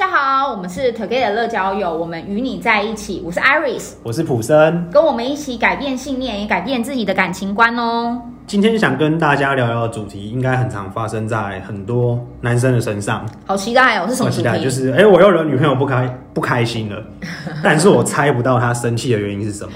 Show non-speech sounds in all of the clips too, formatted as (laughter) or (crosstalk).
大家好，我們是 Together 的樂交友，我們與你在一起。我是 Iris，我是普森，跟我們一起改變信念，也改變自己的感情觀哦、喔。今天想跟大家聊聊的主題，應該很常發生在很多男生的身上。好期待哦、喔！是什麼期待？就是哎、欸，我又惹女朋友不開不開心了， (laughs) 但是我猜不到他生氣的原因是什麼，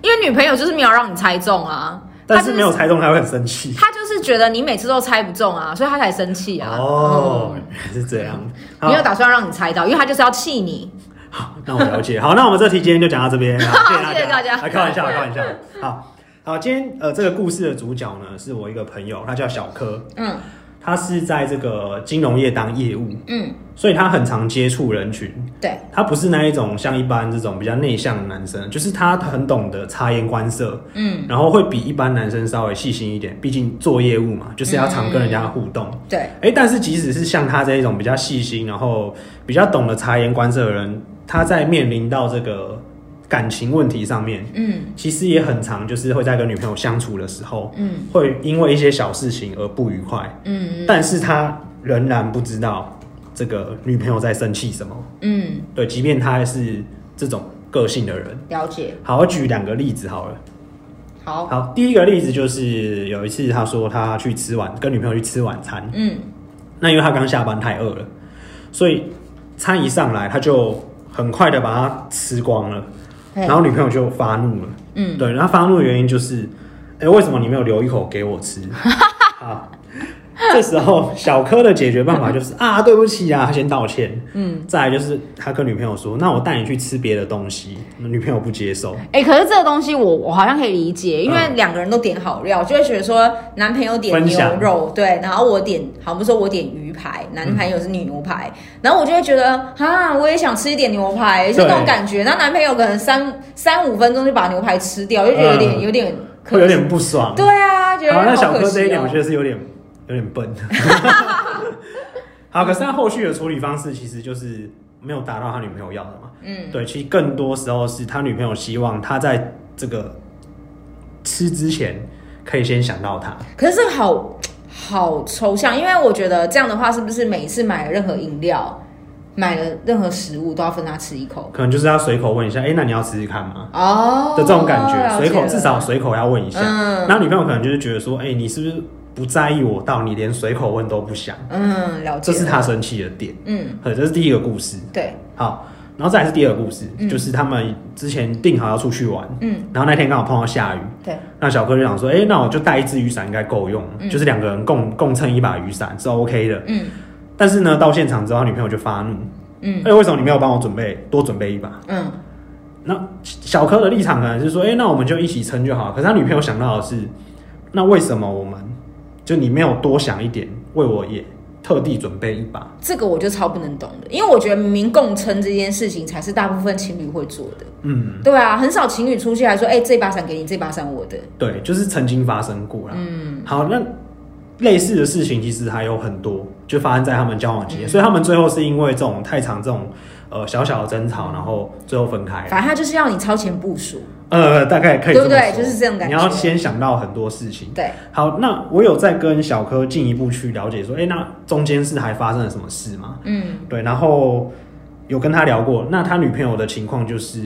因為女朋友就是沒有讓你猜中啊。但是沒有猜中，他會很生氣，就是。他就是覺得你每次都猜不中啊，所以他才生氣啊。哦，嗯，原來是這樣。沒有打算讓你猜到，因為他就是要氣你。好，那我了解。 (laughs) 好，那我們這題今天就講到這邊。好，謝謝。 (laughs) 謝謝大家。來，開玩笑，開玩笑。好，好，今天呃，這個故事的主角呢，是我一個朋友，他叫小柯。嗯。他是在這個金融業當業務，嗯，所以他很常接觸人群，對，他不是那一種像一般這種比較內向的男生，就是他很懂得察言觀色，嗯，然後會比一般男生稍微細心一點，畢竟做業務嘛，就是要常跟人家互動，嗯，欸，對，但是即使是像他這一種比較細心，然後比較懂得察言觀色的人，他在面臨到這個。感情問題上面，嗯，其實也很常，就是會在跟女朋友相處的時候，嗯，會因為一些小事情而不愉快，嗯，嗯，但是他仍然不知道這個女朋友在生氣什麼，嗯，對，即便他還是這種個性的人，了解。好，我舉兩個例子好了，好、嗯、好，第一個例子就是有一次他說他去吃晚跟女朋友去吃晚餐，嗯，那因為他剛下班太餓了，所以餐一上來他就很快的把它吃光了。然後女朋友就發怒了，嗯，對，然後發怒的原因就是，哎、欸，為什麼你沒有留一口給我吃？哈哈哈。這時候小柯的解決辦法就是啊，對不起啊，他、嗯、先道歉，嗯，再來就是他跟女朋友說，那我帶你去吃別的東西，女朋友不接受。哎、欸，可是這個東西我我好像可以理解，因為兩個人都點好料，就會覺得說男朋友點牛肉，對，然後我點，好，不是說我點魚。男朋友是女牛排，嗯、然後我就會覺得啊，我也想吃一點牛排，就那種感覺。那男朋友可能三三五分鐘就把牛排吃掉，就、嗯、覺得有點有點會有點不爽。對啊，覺得那小哥這一點、啊，我覺得是有點有點笨。 (laughs) (laughs) 好，可是他後續的處理方式其實就是沒有達到他女朋友要的嘛。嗯，對，其實更多時候是他女朋友希望他在這個吃之前可以先想到他。可是好。好抽象，因為我覺得這樣的話，是不是每一次買了任何飲料，買了任何食物都要分他吃一口？可能就是要隨口問一下，哎、欸，那你要試試看嗎？哦，的這種感覺，隨口，oh, 至少隨口要問一下。嗯，然後女朋友可能就是覺得說，哎、欸，你是不是不在意我到你連隨口問都不想？嗯，了解了，這是他生氣的點。嗯，好，這是第一個故事。對、嗯，好，然後再來是第二個故事，嗯、就是他們之前定好要出去玩，嗯，然後那天剛好碰到下雨。對，那小柯就想說，哎、欸，那我就帶一支雨傘應該夠用，嗯，就是兩個人共共撐一把雨傘是 OK 的。嗯，但是呢，到現場之後，他女朋友就發怒，嗯，哎、欸，為什麼你沒有幫我準備多準備一把？嗯，那小柯的立場呢，就是說，哎、欸，那我們就一起撐就好。可是他女朋友想到的是，那為什麼我們、嗯、就你沒有多想一點為我也？特地準備一把，這個我就超不能懂的，因為我覺得明共撐這件事情才是大部分情侶會做的。嗯，對啊，很少情侶出去還說，哎、欸，這把傘給你，這把傘我的。對，就是曾經發生過啦。嗯，好，那。類似的事情其實還有很多，就發生在他們交往期間，嗯，所以他們最後是因為這種太長這種呃小小的爭吵，然後最後分開。反正他就是要你超前部署，呃，大概可以這麼說，對對對，就是這種感覺。你要先想到很多事情。對，好，那我有在跟小柯進一步去了解，說，哎、欸，那中間是還發生了什麼事嗎？嗯，對，然後有跟他聊過，那他女朋友的情況就是，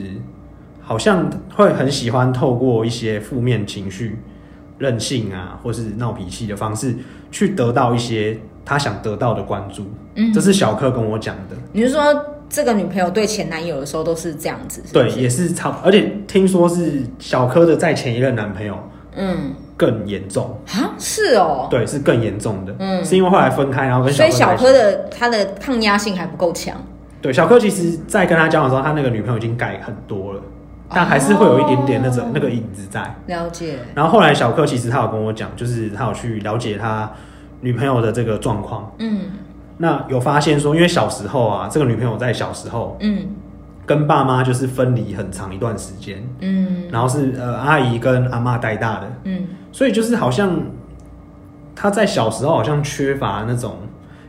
好像會很喜歡透過一些負面情緒。任性啊，或是鬧脾氣的方式去得到一些他想得到的關注，嗯，這是小柯跟我講的。你是說這個女朋友對前男友的時候都是這樣子是不是？對，也是差，而且聽說是小柯的在前一個男朋友，嗯，更嚴重啊？是哦，對，是更嚴重的，嗯，是因為後來分開，然後跟小柯所以小柯的他的抗壓性還不夠強。對，小柯其實，在跟他交往的時候，他那個女朋友已經改很多了。但還是會有一點點那種那個影子在，了解。然後後來小柯其實他有跟我講，就是他有去了解他女朋友的這個狀況。嗯，那有發現說，因為小時候啊，這個女朋友在小時候，嗯，跟爸媽就是分離很長一段時間，嗯，然後是呃阿姨跟阿媽帶大的，嗯，所以就是好像他在小時候好像缺乏那種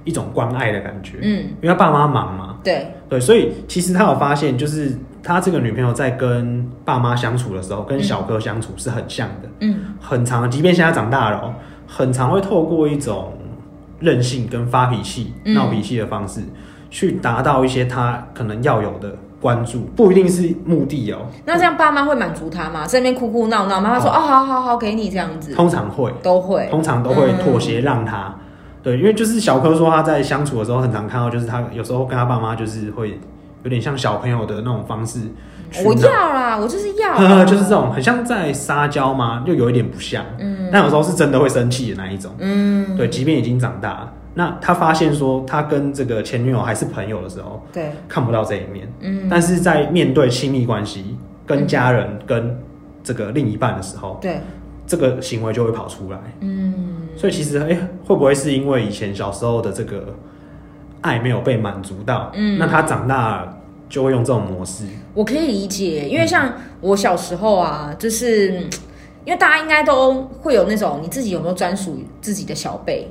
一種關愛的感覺，嗯，因為他爸媽忙嘛，對對，所以其實他有發現就是。他這個女朋友在跟爸媽相處的時候，跟小哥相處是很像的，嗯，很常，即便現在長大了，喔，很常會透過一種任性跟發脾氣、鬧、嗯、脾氣的方式，去達到一些他可能要有的關注，不一定是目的哦，喔。那這樣爸媽會滿足他嗎？身、嗯、邊哭哭鬧鬧，媽、嗯、媽說：“哦，好好好，給你這樣子。”通常會，都會，通常都會妥協讓他，嗯。對，因為就是小哥說他在相處的時候，嗯、很常看到，就是他有時候跟他爸媽就是會。有點像小朋友的那種方式，我要啦，我就是要啦呵呵，就是這種，很像在撒嬌嗎？又有一點不像，嗯，但有時候是真的會生氣的那一種，嗯，對，即便已經長大那他發現說他跟這個前女友還是朋友的時候，對，看不到這一面，嗯，但是在面對親密關係、跟家人、嗯、跟這個另一半的時候，對，這個行為就會跑出來，嗯，所以其實，哎、欸，會不會是因為以前小時候的這個？愛沒有被滿足到，嗯，那他長大就會用這種模式。我可以理解，因為像我小時候啊，就是、嗯、因為大家應該都會有那種你自己有沒有專屬於自己的小被。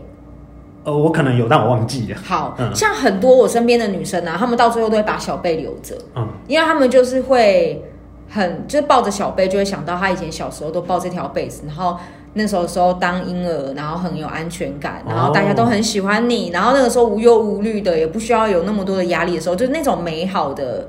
呃，我可能有，但我忘記了。好、嗯、像很多我身邊的女生啊，她們到最後都會把小被留着，嗯，因為她們就是會很就是抱着小被就會想到她以前小時候都抱這條被子，然後。那時候的時候，當嬰兒，然後很有安全感，然後大家都很喜歡你，哦、然後那個時候無憂無慮的，也不需要有那麼多的壓力的時候，就是那種美好的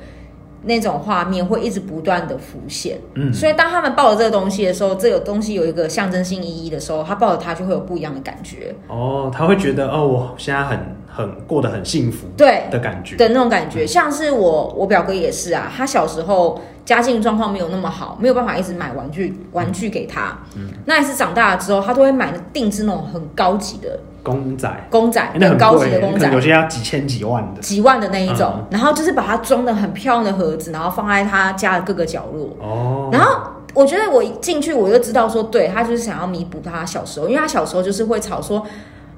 那種畫面會一直不斷的浮現。嗯，所以當他們抱着這個東西的時候，這個東西有一個象徵性意義的時候，他抱着他就會有不一樣的感覺。哦，他會覺得、嗯、哦，我現在很。很過得很幸福，對的感覺對的那種感覺，嗯、像是我我表哥也是啊，他小時候家境狀況沒有那麼好，沒有辦法一直買玩具玩具給他。嗯、那也是長大了之後，他都會買定制那種很高，那很，很高級的公仔，公仔，很高級的公仔，有些要幾千幾萬的，幾萬的那一種，嗯、然後就是把它裝得很漂亮的盒子，然後放在他家的各個角落。哦，然後我覺得我一進去我就知道說，對，他就是想要彌補他小時候，因為他小時候就是會吵說。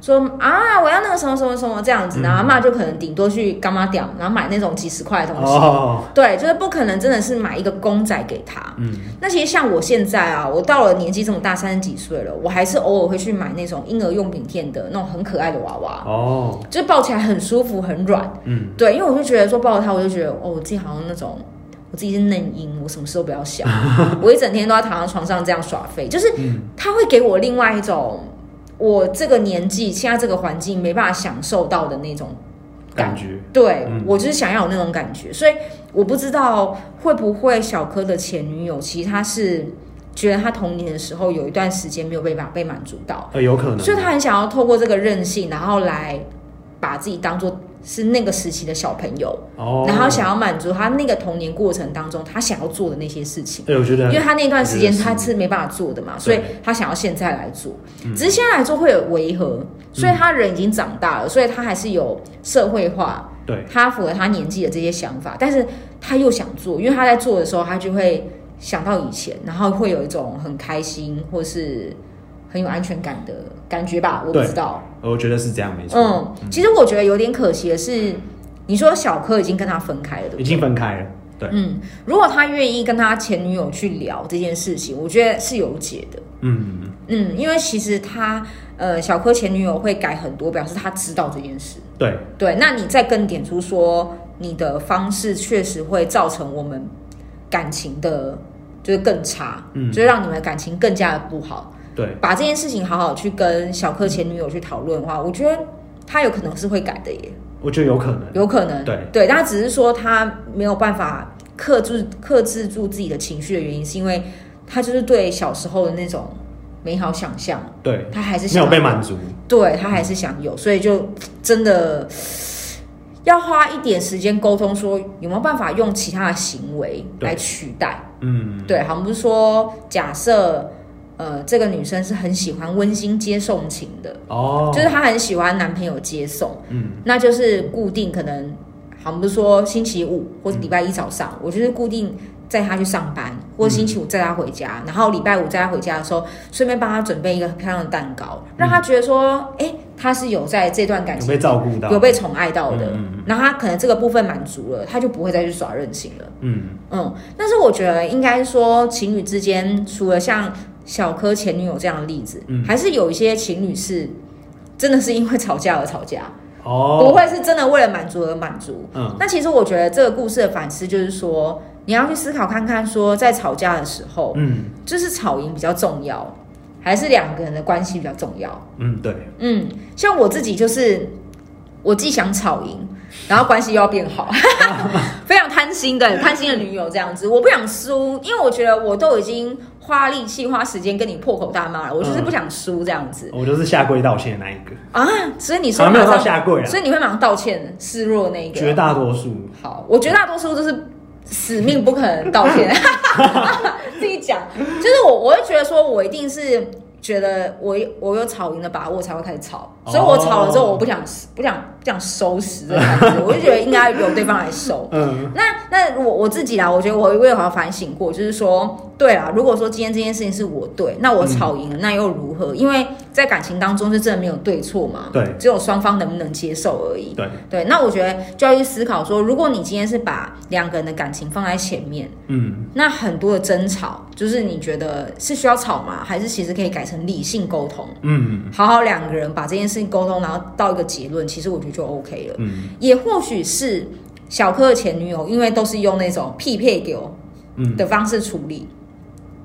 說啊，我要那個什麼什麼什麼這樣子，嗯、然後阿嬤就可能頂多去干媽店，然後買那種幾十塊的東西，哦，對，就是不可能真的是買一個公仔給她。嗯，那其實像我現在啊，我到了年紀這麼大，三十幾歲了，我還是偶爾會去買那種嬰兒用品店的那種很可愛的娃娃。哦，就是抱起來很舒服，很軟。嗯，對，因為我就覺得說抱着它，我就覺得哦，我自己好像那種我自己是嫩嬰，我什麼事都不要想， (laughs) 我一整天都要躺在床上這樣耍廢，就是它、嗯、會給我另外一種。我這個年紀，現在這個環境沒辦法享受到的那種感、感覺，對、嗯、我就是想要有那種感覺，所以我不知道會不會小柯的前女友，其實他是覺得他童年的時候有一段時間沒有被滿被滿足到、呃，有可能，所以他很想要透過這個任性，然後來把自己當做，是那個時期的小朋友，然後想要滿足他那個童年過程當中他想要做的那些事情。對，我覺得，因為他那段時間他是沒辦法做的嘛，所以他想要現在來做。只是現在來做會有違和，所以他人已經長大了，所以他還是有社會化，對，他符合他年紀的這些想法。但是他又想做，因為他在做的時候，他就會想到以前，然後會有一種很開心，或是。很有安全感的感覺吧？我知道，我覺得是這樣，沒錯，嗯。嗯，其實我覺得有點可惜的是，你說小柯已經跟他分開了對不對？已經分開了。對，嗯，如果他願意跟他前女友去聊這件事情，我覺得是有解的。嗯嗯，因為其實他呃，小柯前女友會改很多，表示他知道這件事。對對，那你再更點出說，你的方式確實會造成我們感情的，就是更差，嗯，就是讓你們的感情更加的不好。嗯對，把這件事情好好去跟小客前女友去討論的話、嗯，我覺得他有可能是會改的耶。我覺得有可能、嗯，有可能。對對，他只是說他沒有辦法克制克制住自己的情緒的原因，是因為他就是對小時候的那種美好想象，對，他還是想沒有被滿足，對他還是想有、嗯，所以就真的要花一點時間溝通，說有沒有辦法用其他的行為來取代？嗯，對，好像不是說假設。呃，這個女生是很喜歡溫馨接送情的，哦、oh.，就是她很喜歡男朋友接送，嗯，那就是固定可能，好像不是說星期五或者禮拜一早上、嗯，我就是固定。帶他去上班，或星期五載他回家、嗯，然後禮拜五載他回家的時候，順便幫他準備一個很漂亮的蛋糕，讓他覺得說，哎、嗯欸，他是有在這段感情有被照顧到，有被寵愛到的、嗯嗯。然後他可能這個部分滿足了，他就不會再去耍任性了。嗯嗯。但是我覺得應該說，情侶之間除了像小柯前女友這樣的例子，嗯、還是有一些情侶是真的是因為吵架而吵架。Oh, 不會是真的為了滿足而滿足。嗯，那其實我覺得這個故事的反思就是說，你要去思考看看，說在吵架的時候，嗯，就是吵贏比較重要，還是兩個人的關係比較重要？嗯，對。嗯，像我自己就是，我既想吵贏，然後關係又要變好， (laughs) (laughs) 非常貪心的貪心的女友這樣子。我不想輸，因為我覺得我都已經。花力氣、花時間跟你破口大罵，我就是不想輸這樣子、嗯。我就是下跪道歉的那一個啊，所以你說沒有到下跪、啊，所以你會馬上道歉示弱那一個。絕大多數好，我絕大多數都是死命不肯道歉。 (laughs) (laughs) 自己講，就是我，我會覺得說，我一定是覺得我我有吵贏的把握，才會開始吵所以，我吵了之後，我不想、oh、不想不想、不想收拾的感覺，我就覺得應該由對方來收。 (laughs) 嗯那，那那我我自己啦，我覺得我我也好像反省過，就是說，對啊，如果說今天這件事情是我對，那我吵贏了，嗯、那又如何？因為在感情當中是真的沒有對錯嘛，對，只有雙方能不能接受而已。對對，那我覺得就要去思考說，如果你今天是把兩個人的感情放在前面，嗯，那很多的爭吵，就是你覺得是需要吵嗎？還是其實可以改成理性溝通？嗯，好好兩個人把這件事。溝通，然後到一個結論，其實我覺得就 OK 了。嗯、也或許是小柯的前女友，因為都是用那種匹配給我的方式處理，嗯、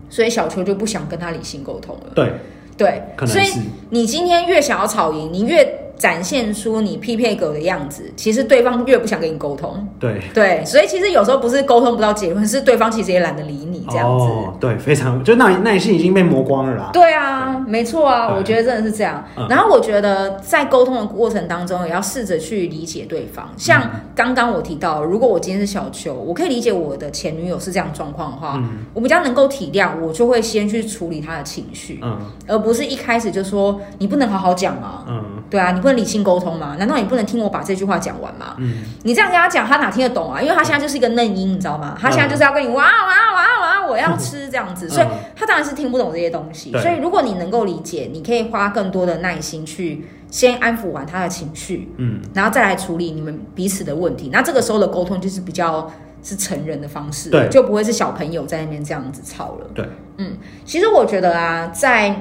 所以小邱就不想跟他理性溝通了。對，對，所以你今天越想要吵贏，你越。展現出你匹配狗的樣子，其實對方越不想跟你溝通。對對，所以其實有時候不是溝通不到結論，是對方其實也懶得理你這樣子。哦，對，非常，就那耐心已經被磨光了啦。對，對啊，對沒錯啊對對對，我覺得真的是這樣。然後我覺得在溝通的過程當中，也要試着去理解對方。像剛剛我提到，如果我今天是小邱，我可以理解我的前女友是這樣狀況的話，嗯，我比較能夠體諒，我就會先去處理她的情緒，嗯，而不是一開始就說你不能好好講啊。嗯。對啊，你不能理性溝通嗎？難道你不能聽我把這句話講完嗎？嗯，你這樣跟他講，他哪聽得懂啊？因為他現在就是一個嫩嬰，你知道嗎？他現在就是要跟你哇哇哇哇，我要吃這樣子，嗯，所以他當然是聽不懂這些東西。嗯，所以如果你能夠理解，你可以花更多的耐心去先安撫完他的情緒，嗯，然後再來處理你們彼此的問題。那這個時候的溝通就是比較是成人的方式，對，就不會是小朋友在那邊這樣子吵了。對，嗯，其實我覺得啊，在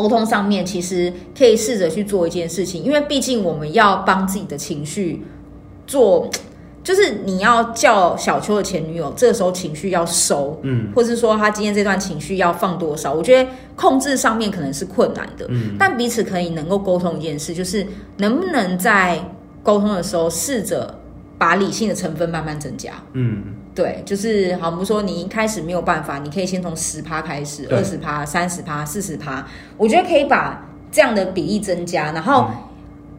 溝通上面其實可以試着去做一件事情，因為畢竟我們要幫自己的情緒做，就是你要叫小秋的前女友，這個時候情緒要收，嗯，或是說他今天這段情緒要放多少？我覺得控制上面可能是困難的，但彼此可以能夠溝通一件事，就是能不能在溝通的時候試着把理性的成分慢慢增加，嗯。對，就是好比說，你一開始沒有辦法，你可以先從十趴開始，二十趴、三十趴、四十趴，我覺得可以把這樣的比例增加，嗯，然後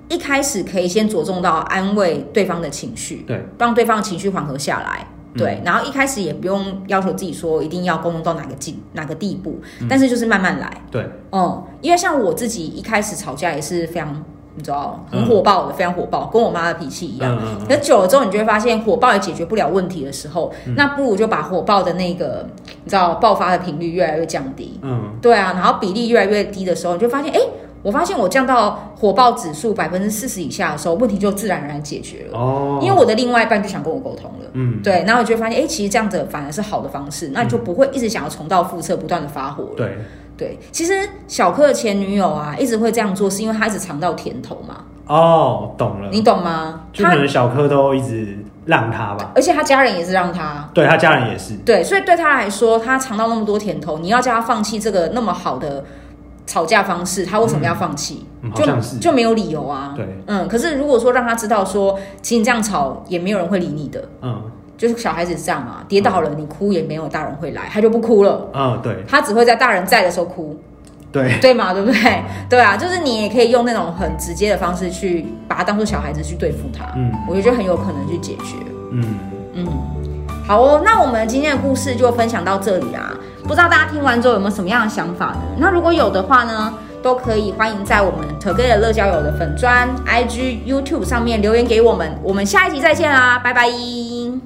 一開始可以先着重到安慰對方的情緒，對，讓對方的情緒緩和下來，對，嗯，然後一開始也不用要求自己說一定要溝通到哪個哪個地步，但是就是慢慢來，嗯、對，嗯，因為像我自己一開始吵架也是非常。你知道，很火爆的，嗯、非常火爆，跟我媽的脾氣一樣。嗯。可久了之後，你就會發現火爆也解決不了問題的時候、嗯，那不如就把火爆的那個，你知道，爆發的頻率越來越降低。嗯。對啊，然後比例越來越低的時候，你就會發現，哎、欸，我發現我降到火爆指數百分之四十以下的時候，問題就自然而然解決了。哦。因為我的另外一半就想跟我溝通了。嗯。對，然後我就會發現，哎、欸，其實這樣子反而是好的方式，那你就不會一直想要重蹈覆轍，不斷的發火、嗯。對。對，其實小柯的前女友啊，一直會這樣做，是因為他一直嘗到甜頭嘛。哦、oh，懂了，你懂嗎？就可能小柯都一直讓他吧，而且他家人也是讓他，對他家人也是。對，所以對他來說，他嘗到那麼多甜頭，你要叫他放棄這個那麼好的吵架方式，他為什麼要放棄、嗯？就、嗯、就沒有理由啊。對，嗯，可是如果說讓他知道說，請你這樣吵，也沒有人會理你的，嗯。就是小孩子這樣嘛，跌倒了，你哭也沒有大人會來，他就不哭了。嗯、哦，對。他只會在大人在的時候哭。對，對嘛，對不對？對啊，就是你也可以用那種很直接的方式去把他當做小孩子去對付他。嗯，我覺得很有可能去解決。嗯嗯，好哦，那我們今天的故事就分享到這裡啦，啊。不知道大家聽完之後有沒有什麼樣的想法呢？那如果有的話呢，都可以歡迎在我們 Together 樂交友的粉專、IG、YouTube 上面留言給我們。我們下一集再見啦，拜拜。